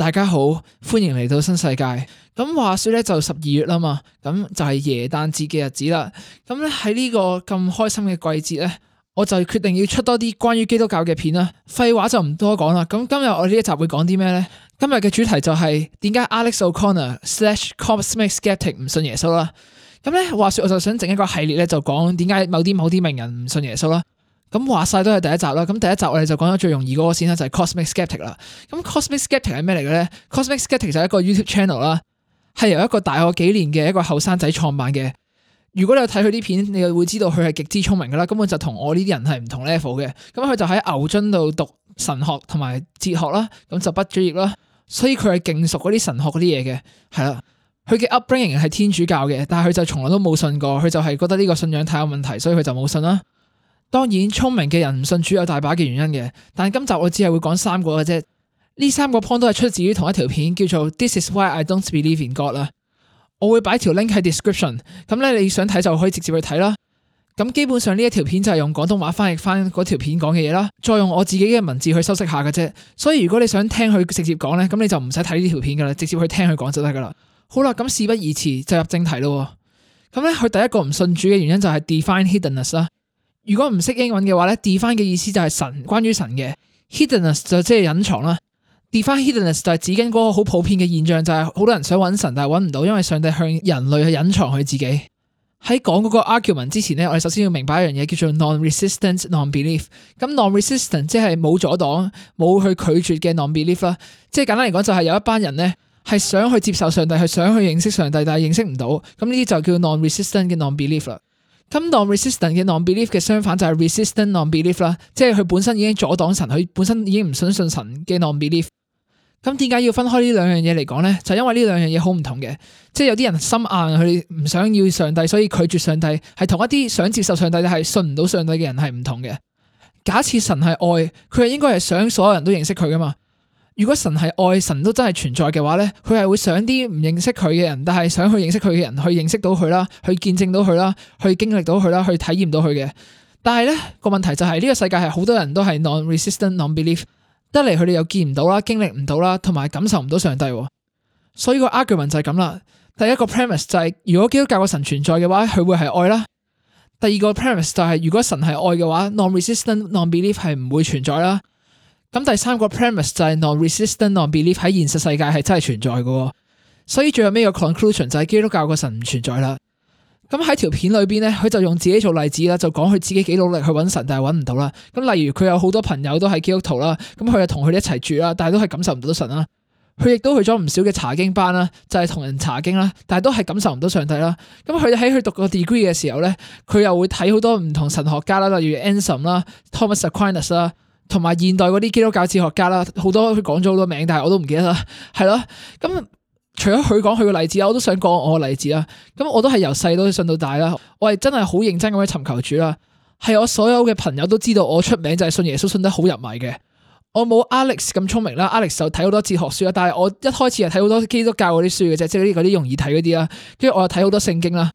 大家好，歡迎嚟到新世界。咁話說咧就十二月啦嘛，咁就係耶誕節嘅日子啦。咁咧喺呢個咁開心嘅季節咧，我就決定要出多啲關於基督教嘅片啦。廢話就唔多講啦。咁今日我呢一集會講啲咩咧？今日嘅主題就係點解 Alex O’Connor slash Cosmic Skeptic 唔信耶穌啦。咁咧話說我就想整一個系列咧，就講點解某啲某啲名人唔信耶穌啦。咁話晒都係第一集啦。咁第一集我哋就講咗最容易嗰個先啦，就係、是、Cosmic Skeptic 啦。咁 Cosmic Skeptic 係咩嚟嘅咧？Cosmic Skeptic 就係一個 YouTube channel 啦，係由一個大我幾年嘅一個後生仔創辦嘅。如果你有睇佢啲片，你會知道佢係極之聰明㗎啦，根本就同我呢啲人係唔同 level 嘅。咁佢就喺牛津度讀神學同埋哲學啦，咁就畢咗業啦。所以佢係勁熟嗰啲神學嗰啲嘢嘅，係啦。佢嘅 upbringing 係天主教嘅，但係佢就從來都冇信過，佢就係覺得呢個信仰太有問題，所以佢就冇信啦。當然聰明嘅人唔信主有大把嘅原因嘅，但係今集我只係會講三個嘅啫。呢三個 point 都係出自於同一條片，叫做 This is Why I Don't Believe in God 啦。我會擺條 link 喺 description，咁咧你想睇就可以直接去睇啦。咁基本上呢一條片就係用廣東話翻譯翻嗰條片講嘅嘢啦，再用我自己嘅文字去修飾下嘅啫。所以如果你想聽佢直接講咧，咁你就唔使睇呢條片噶啦，直接去聽佢講就得噶啦。好啦，咁事不宜遲，就入正題咯。咁咧，佢第一個唔信主嘅原因就係 Divine Hiddenness 啦。如果唔識英文嘅話咧 Divine 嘅意思就係神，關於神嘅 hiddenness 就即係隱藏啦。Divine hiddenness 就係指緊嗰個好普遍嘅現象，就係、是、好多人想揾神，但係揾唔到，因為上帝向人類去隱藏佢自己。喺講嗰個 argument 之前咧，我哋首先要明白一樣嘢，叫做 non-resistant non-belief。咁 non-resistant non non 即係冇阻擋、冇去拒絕嘅 non-belief 啦。即係簡單嚟講，就係、是、有一班人咧係想去接受上帝，係想去認識上帝，但係認識唔到。咁呢啲就叫 non-resistant 嘅 non-belief 啦。咁 non-resistant 嘅 non-belief 嘅相反就係 resistant non-belief 啦，ief, 即係佢本身已經阻擋神，佢本身已經唔想信神嘅 non-belief。咁點解要分開兩呢兩樣嘢嚟講咧？就因為呢兩樣嘢好唔同嘅，即係有啲人心硬，佢唔想要上帝，所以拒絕上帝，係同一啲想接受上帝但係信唔到上帝嘅人係唔同嘅。假設神係愛，佢應該係想所有人都認識佢噶嘛？如果神係愛，神都真係存在嘅話咧，佢係會想啲唔認識佢嘅人，但係想去認識佢嘅人，去認識到佢啦，去見證到佢啦，去經歷到佢啦，去體驗到佢嘅。但係咧個問題就係、是、呢、這個世界係好多人都係 non-resistant non-belief，一嚟，佢哋又見唔到啦，經歷唔到啦，同埋感受唔到上帝。所以個 argument 就係咁啦。第一個 premise 就係、是、如果基督教個神存在嘅話，佢會係愛啦。第二個 premise 就係、是、如果神係愛嘅話，non-resistant non-belief 係唔會存在啦。咁第三個 premise 就係 non-resistant non-belief 喺現實世界係真係存在嘅，哦，所以最後尾個 conclusion 就係基督教個神唔存在啦。咁喺條片裏邊咧，佢就用自己做例子啦，就講佢自己幾努力去揾神，但係揾唔到啦。咁例如佢有好多朋友都喺基督徒啦，咁佢又同佢哋一齊住啦，但係都係感受唔到神啦。佢亦都去咗唔少嘅查經班啦，就係同人查經啦，但係都係感受唔到上帝啦。咁佢喺佢讀個 degree 嘅時候咧，佢又會睇好多唔同神學家啦，例如 Anselm 啦、Thomas Aquinas 啦。同埋現代嗰啲基督教哲學家啦，好多佢講咗好多名，但係我都唔記得啦，係咯。咁除咗佢講佢個例子啦，我都想講我個例子啦。咁我都係由細都信到大啦，我係真係好認真咁樣尋求主啦。係我所有嘅朋友都知道我出名就係信耶穌信得好入迷嘅。我冇 Alex 咁聰明啦，Alex 就睇好多哲學書啦，但係我一開始就睇好多基督教嗰啲書嘅啫，即係嗰啲嗰啲容易睇嗰啲啦。跟住我又睇好多聖經啦。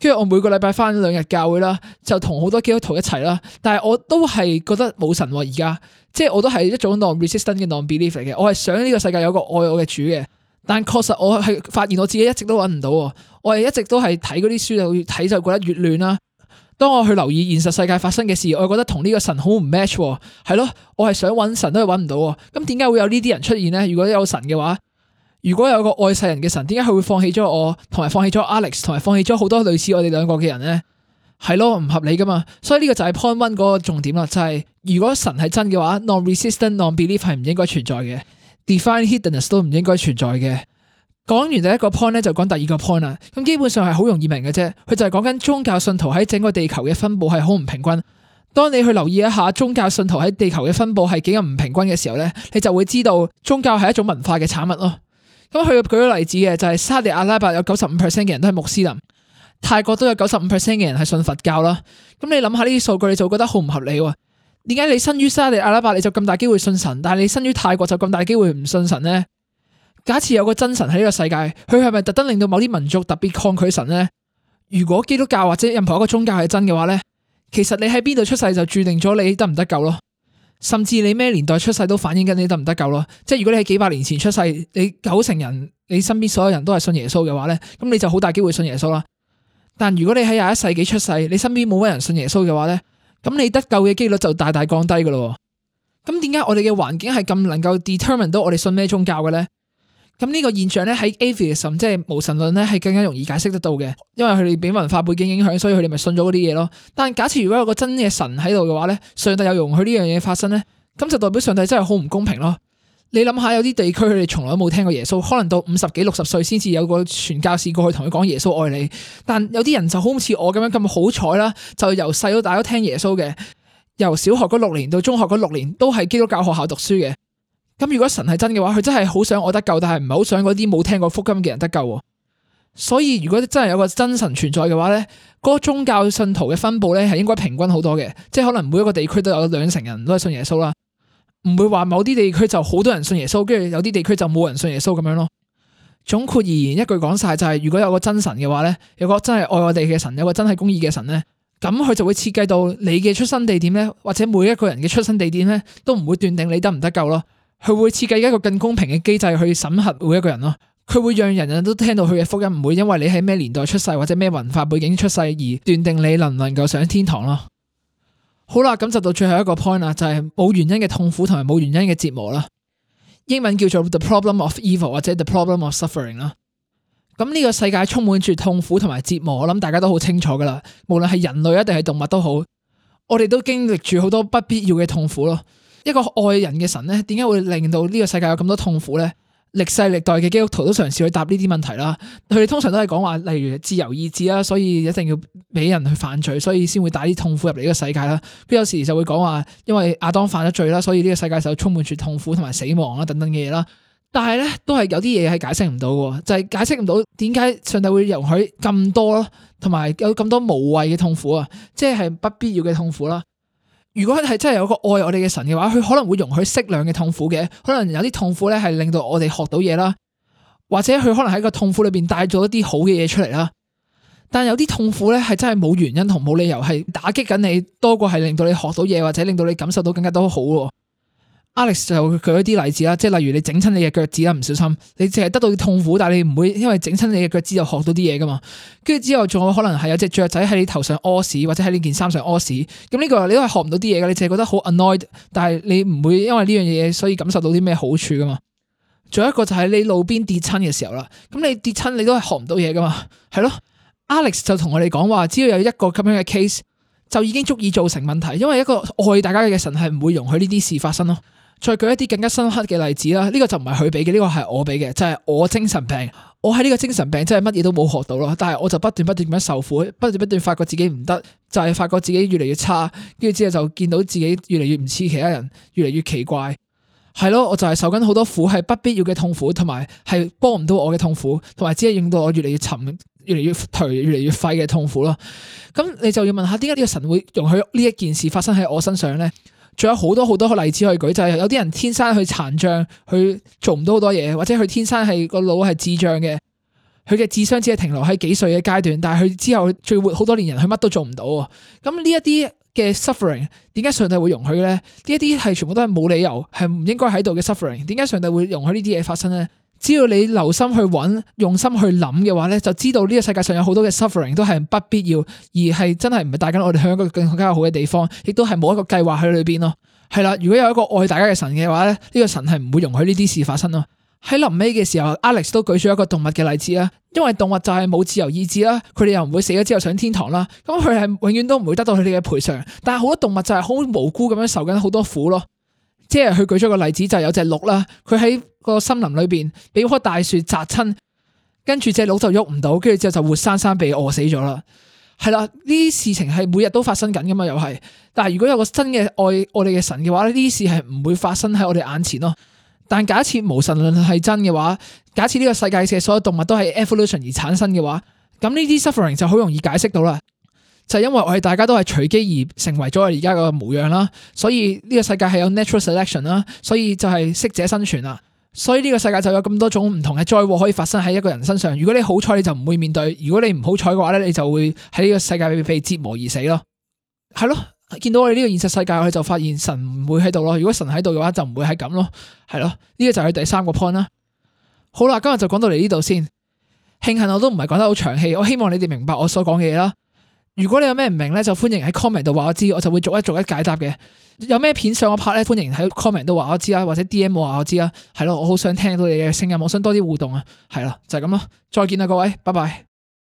跟住我每個禮拜返兩日教會啦，就同好多基督徒一齊啦。但係我都係覺得冇神喎而家，即係我都係一種 Non Resistant 嘅 non-belief 嚟嘅。我係想呢個世界有個愛我嘅主嘅，但係確實我係發現我自己一直都揾唔到喎。我係一直都係睇嗰啲書就越睇就覺得越亂啦。當我去留意現實世界發生嘅事，我覺得同呢個神好唔 match 喎、啊。係咯，我係想揾神都係揾唔到喎。咁點解會有呢啲人出現咧？如果有神嘅話？如果有個愛世人嘅神，點解佢會放棄咗我，同埋放棄咗 Alex，同埋放棄咗好多類似我哋兩個嘅人呢？係咯，唔合理噶嘛。所以呢個就係 point one 嗰個重點啦。就係、是、如果神係真嘅話，non-resistant non-belief 係唔應該存在嘅，divine hiddenness 都唔應該存在嘅。講完第一個 point 咧，就講第二個 point 啦。咁基本上係好容易明嘅啫。佢就係講緊宗教信徒喺整個地球嘅分佈係好唔平均。當你去留意一下宗教信徒喺地球嘅分佈係幾咁唔平均嘅時候咧，你就會知道宗教係一種文化嘅產物咯。咁佢舉咗例子嘅，就係沙地阿拉伯有九十五 percent 嘅人都係穆斯林，泰國都有九十五 percent 嘅人係信佛教啦。咁你諗下呢啲數據，你就會覺得好唔合理喎？點解你生於沙地阿拉伯你就咁大機會信神，但係你生於泰國就咁大機會唔信神呢？假設有個真神喺呢個世界，佢係咪特登令到某啲民族特別抗拒神呢？如果基督教或者任何一個宗教係真嘅話呢，其實你喺邊度出世就注定咗你得唔得救咯。甚至你咩年代出世都反映緊你得唔得救咯。即係如果你喺幾百年前出世，你九成人你身邊所有人都係信耶穌嘅話咧，咁你就好大機會信耶穌啦。但如果你喺廿一世紀出世，你身邊冇乜人信耶穌嘅話咧，咁你得救嘅幾率就大大降低㗎喇。咁點解我哋嘅環境係咁能夠 determine 到我哋信咩宗教嘅咧？咁呢個現象咧喺 atheism 即係無神論咧係更加容易解釋得到嘅，因為佢哋俾文化背景影響，所以佢哋咪信咗嗰啲嘢咯。但係假設如果有個真嘅神喺度嘅話咧，上帝有容許呢樣嘢發生咧，咁就代表上帝真係好唔公平咯。你諗下，有啲地區佢哋從來冇聽過耶穌，可能到五十幾六十歲先至有個傳教士過去同佢講耶穌愛你。但有啲人就好似我咁樣咁好彩啦，就由細到大都聽耶穌嘅，由小學嗰六年到中學嗰六年都係基督教學校讀書嘅。咁如果神係真嘅話，佢真係好想我得救，但係唔係好想嗰啲冇聽過福音嘅人得救。所以如果真係有個真神存在嘅話咧，嗰、那個、宗教信徒嘅分佈咧係應該平均好多嘅，即係可能每一個地區都有兩成人都係信耶穌啦，唔會話某啲地區就好多人信耶穌，跟住有啲地區就冇人信耶穌咁樣咯。總括而言，一句講晒就係、是，如果有個真神嘅話咧，有個真係愛我哋嘅神，有個真係公義嘅神咧，咁佢就會設計到你嘅出生地點咧，或者每一個人嘅出生地點咧，都唔會斷定你得唔得救咯。佢會設計一個更公平嘅機制去審核每一個人咯，佢會讓人人都聽到佢嘅福音，唔會因為你喺咩年代出世或者咩文化背景出世而斷定你能唔能夠上天堂咯。好啦，咁就到最後一個 point 啦，就係冇原因嘅痛苦同埋冇原因嘅折磨啦。英文叫做 The Problem of Evil 或者 The Problem of Suffering 啦。咁呢個世界充滿住痛苦同埋折磨，我諗大家都好清楚噶啦。無論係人類一定係動物都好，我哋都經歷住好多不必要嘅痛苦咯。一個愛人嘅神咧，點解會令到呢個世界有咁多痛苦咧？歷世歷代嘅基督徒都嘗試去答呢啲問題啦。佢哋通常都係講話，例如自由意志啦，所以一定要俾人去犯罪，所以先會帶啲痛苦入嚟呢個世界啦。跟住有時就會講話，因為亞當犯咗罪啦，所以呢個世界就充滿住痛苦同埋死亡啦，等等嘅嘢啦。但係咧，都係有啲嘢係解釋唔到嘅，就係解釋唔到點解上帝會容許咁多咯，同埋有咁多無謂嘅痛苦啊，即係不必要嘅痛苦啦。如果係真係有個愛我哋嘅神嘅話，佢可能會容許適量嘅痛苦嘅，可能有啲痛苦咧係令到我哋學到嘢啦，或者佢可能喺個痛苦裏邊帶咗一啲好嘅嘢出嚟啦。但有啲痛苦咧係真係冇原因同冇理由係打擊緊你，多過係令到你學到嘢或者令到你感受到更加多好喎。Alex 就舉一啲例子啦，即係例如你整親你嘅腳趾啦，唔小心你凈係得到痛苦，但係你唔會因為整親你嘅腳趾就學到啲嘢噶嘛。跟住之後仲有可能係有隻雀仔喺你頭上屙屎，或者喺你件衫上屙屎。咁呢個你都係學唔到啲嘢噶，你凈係覺得好 annoyed，但係你唔會因為呢樣嘢所以感受到啲咩好處噶嘛。仲有一個就係你路邊跌親嘅時候啦，咁你跌親你都係學唔到嘢噶嘛，係咯。Alex 就同我哋講話，只要有一個咁樣嘅 case，就已經足以造成問題，因為一個愛大家嘅神係唔會容許呢啲事發生咯。再舉一啲更加深刻嘅例子啦，呢個就唔係佢俾嘅，呢個係我俾嘅，就係我精神病，我喺呢個精神病真係乜嘢都冇學到咯，但係我就不斷不斷咁樣受苦，不斷不斷發覺自己唔得，就係發覺自己越嚟越差，跟住之後就見到自己越嚟越唔似其他人，越嚟越奇怪，係咯，我就係受緊好多苦，係不必要嘅痛苦，同埋係幫唔到我嘅痛苦，同埋只係令到我越嚟越沉，越嚟越頹，越嚟越廢嘅痛苦咯。咁你就要問下，點解呢個神會容許呢一件事發生喺我身上咧？仲有好多好多例子可以舉，就係有啲人天生去殘障，去做唔到好多嘢，或者佢天生係個腦係智障嘅，佢嘅智商只係停留喺幾歲嘅階段，但係佢之後存活好多年人，人佢乜都做唔到啊。咁呢一啲嘅 suffering，點解上帝會容許咧？呢一啲係全部都係冇理由，係唔應該喺度嘅 suffering，點解上帝會容許呢啲嘢發生咧？只要你留心去搵，用心去諗嘅話咧，就知道呢個世界上有好多嘅 suffering 都係不必要，而係真係唔係帶緊我哋去一個更加好嘅地方，亦都係冇一個計劃喺裏邊咯。係啦，如果有一個愛大家嘅神嘅話咧，呢個神係唔會容許呢啲事發生咯。喺臨尾嘅時候，Alex 都舉咗一個動物嘅例子啦，因為動物就係冇自由意志啦，佢哋又唔會死咗之後上天堂啦，咁佢係永遠都唔會得到佢哋嘅賠償，但係好多動物就係好無辜咁樣受緊好多苦咯。即係佢舉咗個例子，就是，有隻鹿啦，佢喺個森林裏邊俾棵大樹砸親，跟住隻鹿就喐唔到，跟住之後就活生生被餓死咗啦。係啦，呢啲事情係每日都發生緊噶嘛，又係。但係如果有個真嘅愛我的的，我哋嘅神嘅話，呢啲事係唔會發生喺我哋眼前咯。但假設無神論係真嘅話，假設呢個世界嘅所有動物都係 evolution 而產生嘅話，咁呢啲 suffering 就好容易解釋到啦。就因為我哋大家都係隨機而成為咗而家個模樣啦，所以呢個世界係有 natural selection 啦，所以就係適者生存啦，所以呢個世界就有咁多種唔同嘅災禍可以發生喺一個人身上。如果你好彩你就唔會面對，如果你唔好彩嘅話咧，你就會喺呢個世界被折磨而死咯。係咯，見到我哋呢個現實世界，我哋就發現神唔會喺度咯。如果神喺度嘅話，就唔會係咁咯。係咯，呢個就係佢第三個 point 啦。好啦，今日就講到嚟呢度先。慶幸我都唔係講得好長氣，我希望你哋明白我所講嘅嘢啦。如果你有咩唔明咧，就歡迎喺 comment 度話我知，我就會逐一逐一解答嘅。有咩片想我拍咧，歡迎喺 comment 度話我知啊，或者 DM 我話我知啊，係咯，我好想聽到你嘅聲音，我想多啲互動啊，係啦，就係咁咯，再見啦各位，拜拜。